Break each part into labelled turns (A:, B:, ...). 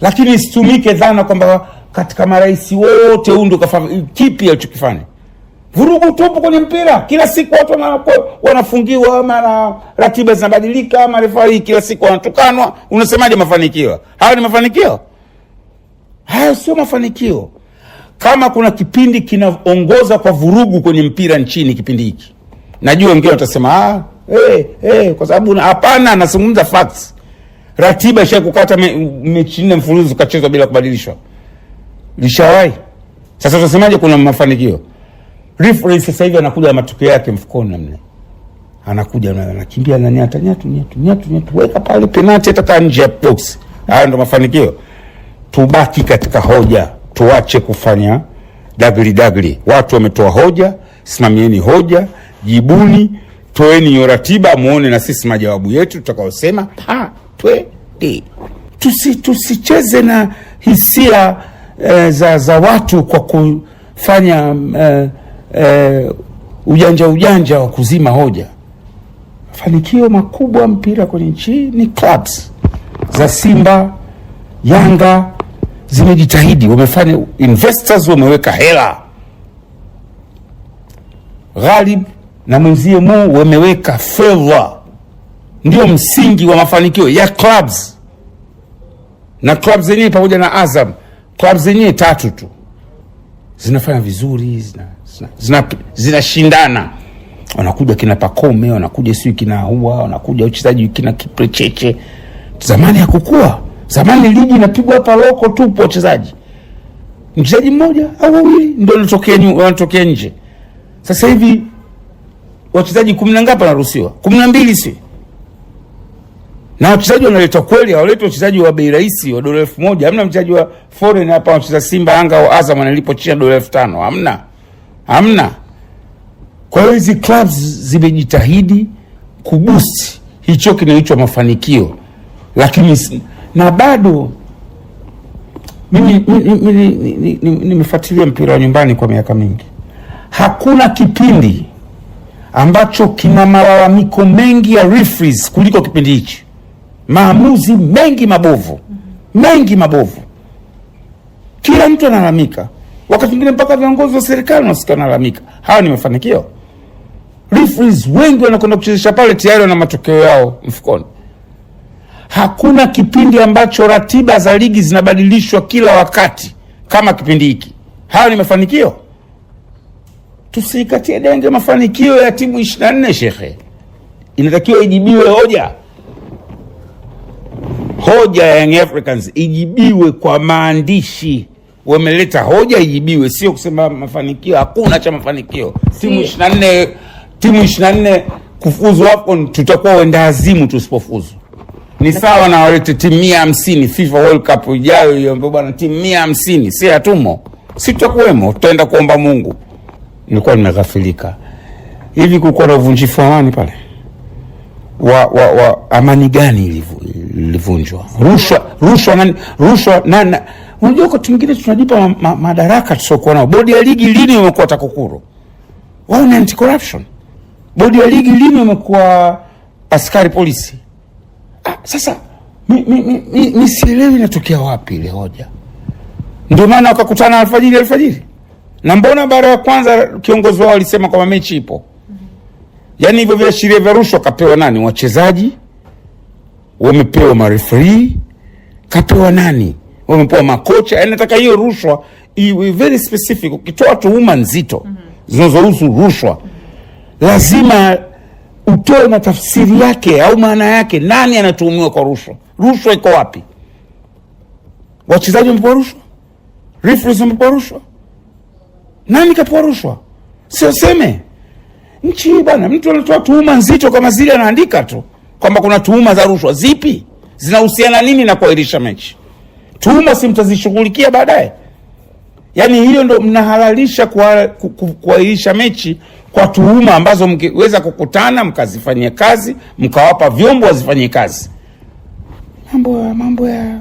A: lakini isitumike dhana kwamba katika marais wote huu kafanya kipi alichokifanya. Vurugu tupu kwenye mpira, kila siku watu wanafungiwa, mara ratiba zinabadilika, marefari kila siku wanatukanwa. Unasemaje mafanikio hayo? Ni mafanikio hayo? Sio mafanikio. Kama kuna kipindi kinaongoza kwa vurugu kwenye mpira nchini, kipindi hiki. Najua wengine watasema ah, hey, eh, eh, hey, kwa sababu hapana, anazungumza facts Ratiba isha kukata mechi nne mfululizo kachezwa bila kubadilishwa, lishawai Sasa utasemaje kuna mafanikio? Referee sasa hivi anakuja matukio yake mfukoni namna anakuja na anakimbia na nyata nyatu nyatu nyatu nyatu, weka pale penati hata nje ya box. haya ndo mafanikio. Tubaki katika hoja, tuache kufanya dagli dagli. Watu wametoa hoja, simamieni hoja, jibuni, toeni hiyo ratiba, muone na sisi majawabu yetu tutakaosema kweli. Tusi, tusicheze na hisia e, za, za watu kwa kufanya e, e, ujanja ujanja wa kuzima hoja. Mafanikio makubwa mpira kwenye nchi ni clubs za Simba, Yanga zimejitahidi, wamefanya investors, wameweka hela. Ghalib na mwenzie Mo wameweka fedha ndio msingi wa mafanikio ya clubs na clubs zenyewe pamoja na Azam, clubs zenyewe tatu tu zinafanya vizuri, zinashindana, zina, zina wanakuja kina Pakome, wanakuja sijui kina Hua, wanakuja uchezaji kina Kiprecheche. Zamani hakukua, zamani ligi inapigwa hapa loko tu kwa wachezaji, mchezaji mmoja au wawili ndio wanatokea nje. Sasa hivi wachezaji kumi na ngapi wanaruhusiwa? kumi na mbili si na wachezaji wanaletwa kweli, hawaletwi wachezaji wa bei rahisi wa dola elfu moja. Hamna mchezaji wa foreign hapa anacheza Simba, Yanga au Azam analipo chini ya dola elfu tano. Hamna, hamna. Kwa hiyo hizi clubs zimejitahidi kubusi hicho kinaitwa mafanikio, lakini na bado mimi nimefuatilia mpira wa nyumbani kwa miaka mingi, hakuna kipindi ambacho kina malalamiko mengi ya referees kuliko kipindi hichi maamuzi mengi mabovu, mengi mabovu. Kila mtu analalamika, wakati mwingine mpaka viongozi wa serikali wanasikia wanalalamika. Hawa ni mafanikio. refrees wengi wanakwenda kuchezesha pale tayari wana matokeo yao mfukoni. Hakuna kipindi ambacho ratiba za ligi zinabadilishwa kila wakati kama kipindi hiki. Hayo ni mafanikio. Tusikatie denge mafanikio ya timu 24 shekhe, inatakiwa ijibiwe hoja hoja ya Young Africans ijibiwe kwa maandishi. Wameleta hoja ijibiwe, sio kusema mafanikio. Hakuna cha mafanikio, timu 24 timu 24 kufuzu hapo, tutakuwa wenda azimu tusipofuzu. Ni sawa na walete timu mia hamsini FIFA World Cup ijayo hiyo, ambapo bwana timu mia hamsini si hatumo, si tutakuwemo, tutaenda kuomba Mungu. Nilikuwa nimeghafilika hivi, kulikuwa na uvunjifu wa amani pale wa, wa, wa amani gani ilivunjwa? Rushwa, rushwa nani? Rushwa nana Unajua, wakati mwingine tunajipa ma, ma, madaraka tusiokuwa nao. Bodi ya ligi lini imekuwa TAKUKURU? wao ni anti corruption. Bodi ya ligi lini imekuwa askari polisi? Ah, sasa mi, mi, mi, mi, mi sielewi inatokea wapi ile hoja. Ndio maana wakakutana alfajiri alfajiri, na mbona baada ya kwanza kiongozi wao alisema kwamba mechi ipo. Yaani hivyo viashiria vya rushwa kapewa nani? Wachezaji wamepewa marefrii, kapewa nani? Wamepewa makocha. Yaani nataka hiyo rushwa iwe very specific. Ukitoa tuhuma nzito mhm. zinazohusu rushwa lazima utoe na tafsiri yake au maana yake. Nani anatuhumiwa kwa rushwa? Rushwa iko wapi? Wachezaji wamepewa rushwa, referees wamepewa rushwa, nani kapewa rushwa? Sioseme nchi hii bwana. mtu anatoa tuhuma nzito kama zile anaandika tu kwamba kuna tuhuma za rushwa. Zipi? zinahusiana nini na kuahirisha mechi? Tuhuma si mtazishughulikia baadaye? Yaani hiyo ndo mnahalalisha kuahirisha mechi kwa tuhuma ambazo mkiweza kukutana mkazifanyia kazi, mkawapa vyombo wazifanyie kazi. Mambo ya mambo ya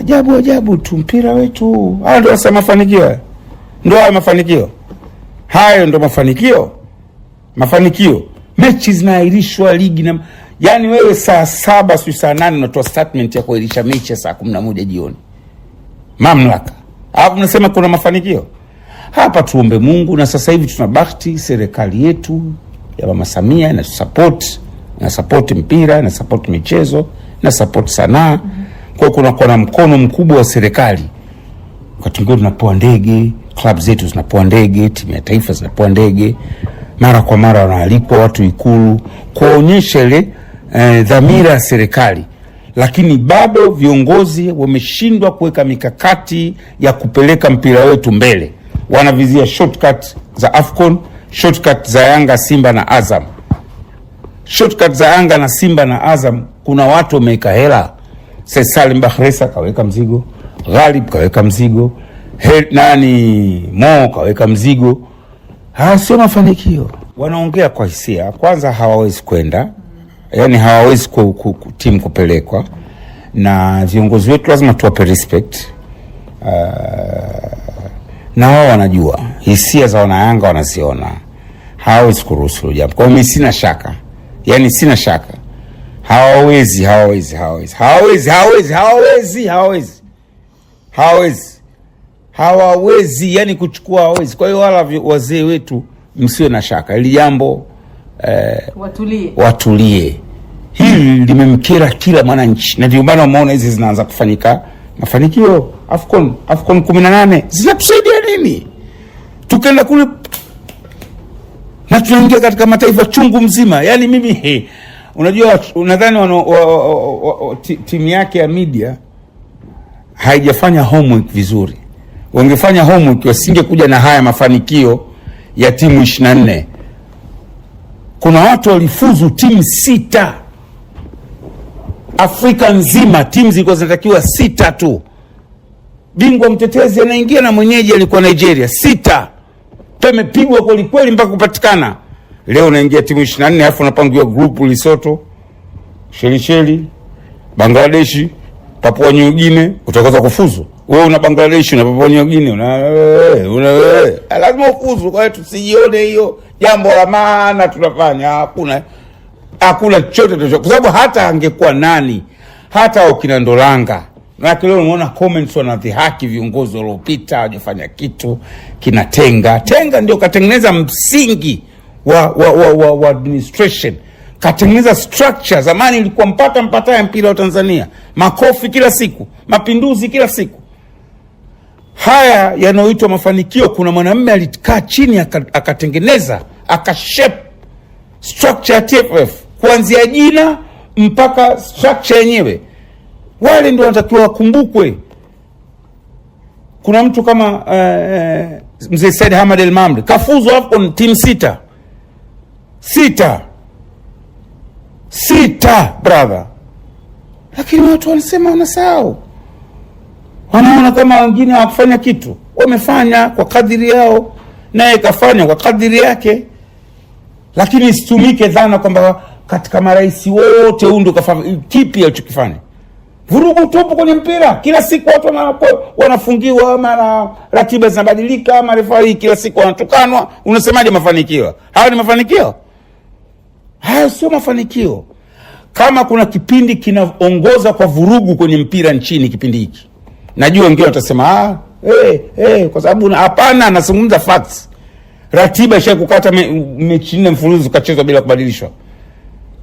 A: ajabu ajabu tu, mpira wetu. Haya ndo sasa mafanikio, ndo haya mafanikio, hayo ndo mafanikio mafanikio, mechi zinaahirishwa, ligi na yani, wewe saa saba sio saa nane unatoa statement ya kuahirisha mechi ya saa kumi na moja jioni, mamlaka, alafu nasema kuna mafanikio hapa. Tuombe Mungu, na sasa hivi tuna bahati, serikali yetu ya Mama Samia na support na support mpira na support michezo na support sanaa. Mhm. Kwa hiyo kunakuwa na mkono mkubwa wa serikali, wakati mwingine tunapoa ndege, klabu zetu zinapoa ndege, timu ya taifa zinapoa ndege mara kwa mara wanaalikwa watu Ikulu kuwaonyesha ile eh, dhamira ya serikali, lakini bado viongozi wameshindwa kuweka mikakati ya kupeleka mpira wetu mbele. Wanavizia shortcut za AFCON, shortcut za Yanga, Simba na Azam. Shortcut za Yanga na Simba na Azam, kuna watu wameweka hela. Salim Bakhresa kaweka mzigo, Ghalib kaweka mzigo, Hel, nani Mo kaweka mzigo haya ah, sio mafanikio. Wanaongea kwa hisia, kwanza hawawezi kwenda, yani hawawezi ku, ku, ku, timu kupelekwa, na viongozi wetu lazima tuwape respect uh, na wao wanajua hisia za wanayanga, wanaziona hawawezi kuruhusu jambo. Kwa hiyo sina shaka, yani sina shaka hawawezi hawawezi hawawezi hawawezi hawawezi hawawezi hawawezi hawawezi hawawezi yani kuchukua hawawezi. Kwa hiyo wala wazee wetu msiwe na shaka hili jambo eh, watulie, watulie. Hili limemkera kila mwananchi na ndio maana umeona hizi zinaanza kufanyika mafanikio. Afcon Afcon 18 zinatusaidia nini? Tukenda kule na tunaingia katika mataifa chungu mzima. Yani mimi he, unajua unadhani timu yake ya media haijafanya homework vizuri wangefanya homework wasingekuja na haya mafanikio ya timu 24. Kuna watu walifuzu timu sita Afrika nzima, timu zilikuwa zinatakiwa sita tu. Bingwa mtetezi anaingia na mwenyeji alikuwa Nigeria, sita imepigwa kwelikweli mpaka kupatikana. Leo unaingia timu 24 alafu unapangiwa grupu Lesotho, Shelisheli, Bangladeshi Papua New Guinea utakosa kufuzu. Wewe una Bangladesh una Papua New Guinea una una wewe. Ah, lazima ufuzu. Kwa hiyo tusijione hiyo jambo la maana tunafanya. Hakuna hakuna chochote kwa sababu hata angekuwa nani hata ukina Ndolanga Na kile unaona comments wanadhihaki viongozi waliopita wajafanya kitu kinatenga tenga, ndio katengeneza msingi wa, wa, wa, wa, wa administration katengeneza structure. Zamani ilikuwa mpata mpata ya mpira wa Tanzania, makofi kila siku, mapinduzi kila siku. Haya yanayoitwa mafanikio, kuna mwanamume alikaa chini akatengeneza akashape structure ya TFF kuanzia jina mpaka structure yenyewe. Wale ndio wanatakiwa wakumbukwe. Kuna mtu kama uh, mzee Said Hamad El Mamri kafuzu AFCON timu sita sita sita brother, lakini watu walisema wanasahau, wanaona kama wengine hawakufanya kitu. Wamefanya kwa kadhiri yao, naye kafanya kwa kadhiri yake, lakini situmike dhana kwamba katika marais wote huu ndio kipi alichokifanya. Vurugu tupu kwenye mpira, kila siku watu wanafungiwa, mara ratiba zinabadilika, marefa kila siku wanatukanwa. Unasemaje mafanikio hayo? Ni mafanikio Hayo sio mafanikio. Kama kuna kipindi kinaongoza kwa vurugu kwenye mpira nchini, kipindi hiki. Najua wengine watasema ah, hey, eh, eh, hey, kwa sababu hapana, anazungumza facts. Ratiba ishakukata kukata mechi nne mfululizo ukachezwa bila kubadilishwa,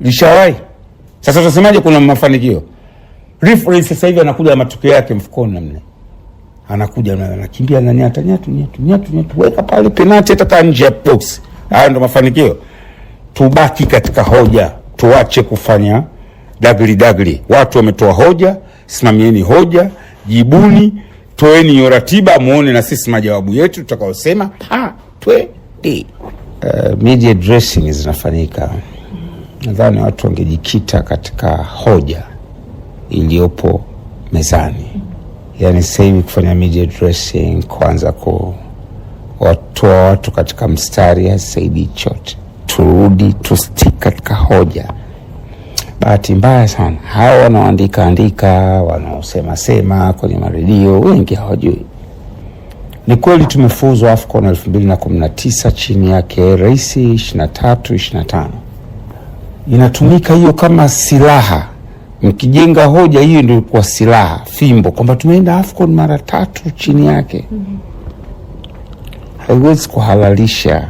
A: lishawahi. Sasa utasemaje kuna mafanikio? Referee sasa hivi anakuja na matokeo yake mfukoni namna anakuja na anakimbia na nyata nyatu nyatu nyatu nyatu, weka pale penalty hata nje ya box. Hayo ndo mafanikio tubaki katika hoja, tuache kufanya dagli dagli. E. Watu wametoa hoja, simamieni hoja, jibuni, toeni hiyo ratiba, muone na sisi majawabu yetu tutakaosema pa twende.
B: Uh, media dressing zinafanyika. Nadhani watu wangejikita katika hoja iliyopo mezani. Yani sasa hivi kufanya media dressing, kwanza kuwatoa watu katika mstari haisaidii chote turudi tustik katika hoja. Bahati mbaya sana hawa wanaoandika andika, wanaosema sema kwenye maredio wengi hawajui. Ni kweli tumefuzwa AFCON elfu mbili na kumi na tisa chini yake rais ishirini na tatu ishirini na tano inatumika hiyo kama silaha. Mkijenga hoja hiyo ndio kwa silaha fimbo kwamba tumeenda AFCON mara tatu chini yake, mm-hmm. haiwezi kuhalalisha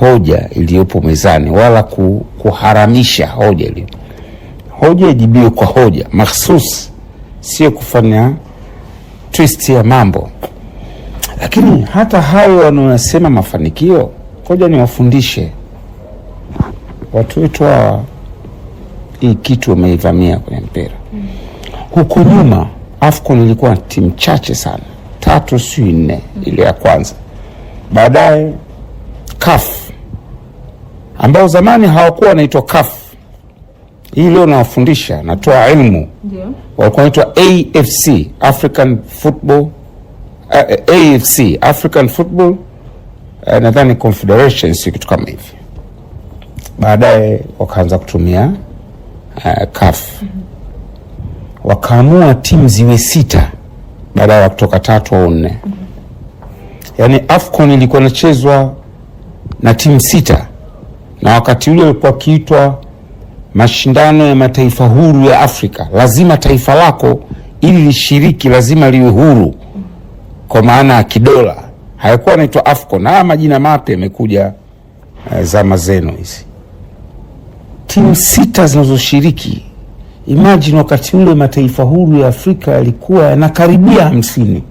B: hoja iliyopo mezani wala kuharamisha hoja ile. Hoja ijibiwe kwa hoja mahsus, sio kufanya twist ya mambo. Lakini hata hayo wanaosema mafanikio, ngoja niwafundishe watu wetu hawa hii kitu wameivamia kwenye mpira Huko nyuma AFCON ilikuwa timu chache sana, tatu si nne, ile ya kwanza, baadaye kafu ambao zamani hawakuwa wanaitwa CAF. Hii leo nawafundisha, natoa elimu, walikuwa wanaitwa AFC, African Football uh, eh, eh, AFC African Football uh, nadhani Confederation, si kitu kama hivi. Baadaye wakaanza kutumia uh, CAF mm -hmm. Wakaamua timu ziwe sita badala ya kutoka tatu au nne mm -hmm. Yaani AFCON ilikuwa inachezwa na timu sita na wakati ule ulikuwa kiitwa mashindano ya mataifa huru ya Afrika. Lazima taifa lako ili lishiriki lazima liwe huru kwa maana ya kidola, hayakuwa anaitwa AFCON. Haya majina mapya yamekuja eh, zama zenu hizi. Timu sita zinazoshiriki imagine, wakati ule mataifa huru ya Afrika yalikuwa yanakaribia hamsini,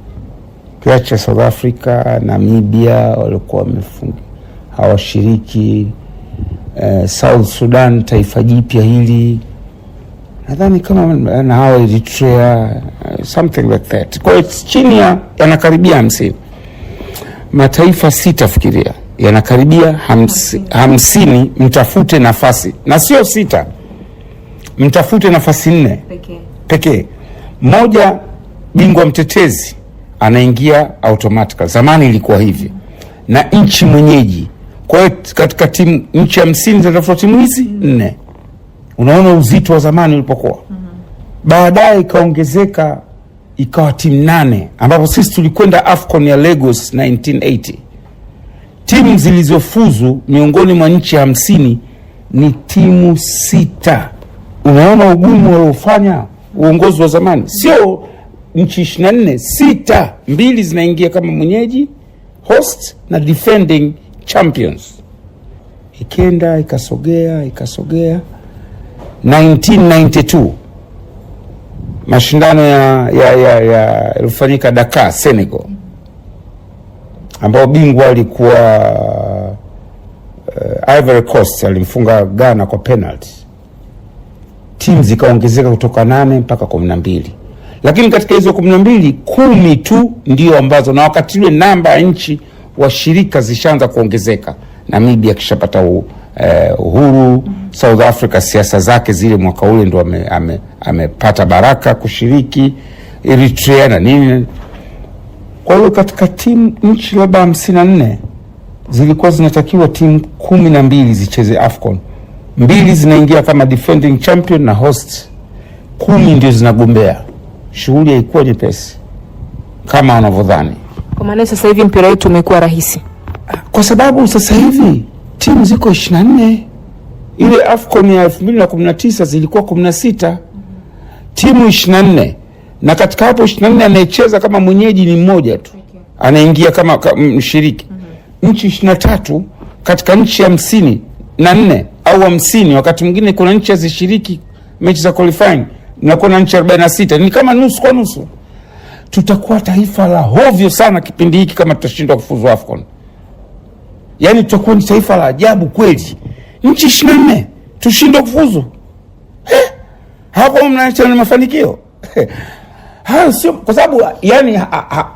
B: kiacha South Africa, Namibia walikuwa wamefunga hawashiriki eh, South Sudan, taifa jipya hili nadhani kama na hao Eritrea eh, something like that. Kwa hiyo chini ya yanakaribia hamsini mataifa sita, fikiria yanakaribia hamsi, hamsini. Mtafute nafasi na sio sita, mtafute nafasi nne pekee pekee. Moja bingwa mtetezi anaingia automatically, zamani ilikuwa hivi, na nchi mwenyeji kwa hiyo katika timu nchi hamsini zinatafuta timu hizi nne. Unaona uzito wa zamani ulipokuwa. Mhm. Baadaye ikaongezeka ikawa timu nane, ambapo sisi tulikwenda AFCON ya Lagos 1980 timu zilizofuzu miongoni mwa nchi hamsini ni timu sita. Unaona ugumu waliofanya uongozi wa zamani, sio nchi ishirina na nne, sita. Mbili zinaingia kama mwenyeji host na defending champions, ikenda ikasogea ikasogea. 1992 mashindano ya ya ya, ya, Dakar Senegal, ambao bingwa alikuwa uh, Ivory Coast alimfunga Ghana kwa penalty. Timu zikaongezeka kutoka nane mpaka kumi na mbili lakini katika hizo kumi na mbili kumi tu ndio ambazo na wakati ule namba ya nchi washirika zishaanza kuongezeka. Namibia kishapata eh, uhuru, South Africa siasa zake zile mwaka ule ndo amepata ame baraka kushiriki Eritrea na nini. Kwa hiyo katika timu nchi labda hamsini na nne zilikuwa zinatakiwa timu kumi na mbili zicheze AFCON, mbili zinaingia kama defending champion na host, kumi ndio zinagombea. Shughuli haikuwa nyepesi kama wanavyodhani
C: maana sasa hivi mpira wetu umekuwa rahisi
B: kwa sababu sasa hivi timu ziko ishirini na nne. Ile AFCON ya elfu mbili na kumi na tisa zilikuwa kumi na sita timu ishirini na nne na katika hapo ishirini na nne anayecheza kama mwenyeji ni mmoja tu anaingia kama mshiriki. Nchi ishirini na tatu katika nchi hamsini na nne au hamsini, wakati mwingine kuna nchi hazishiriki mechi za qualifying, na kuna nchi arobaini na sita ni kama nusu kwa nusu tutakuwa taifa la hovyo sana kipindi hiki kama tutashindwa kufuzu AFCON. Yaani tutakuwa ni taifa la ajabu kweli, nchi ishirini na nne tushindwa kufuzu eh? Hapo mnaacha ni mafanikio hayo? Sio kwa sababu yani ha, ha,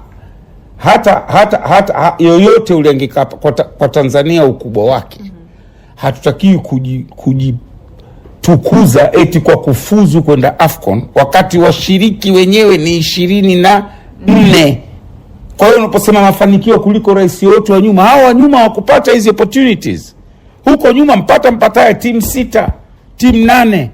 B: hata, hata, hata ha, yoyote uliangika kwa, ta, kwa Tanzania ukubwa wake mhm. hatutakiwi kuji, kuji tukuza eti kwa kufuzu kwenda AFCON wakati washiriki wenyewe ni ishirini na nne. Kwa hiyo unaposema mafanikio kuliko rais wote wa nyuma, hao wa nyuma wakupata hizi opportunities. Huko nyuma mpata mpataye timu sita, timu nane.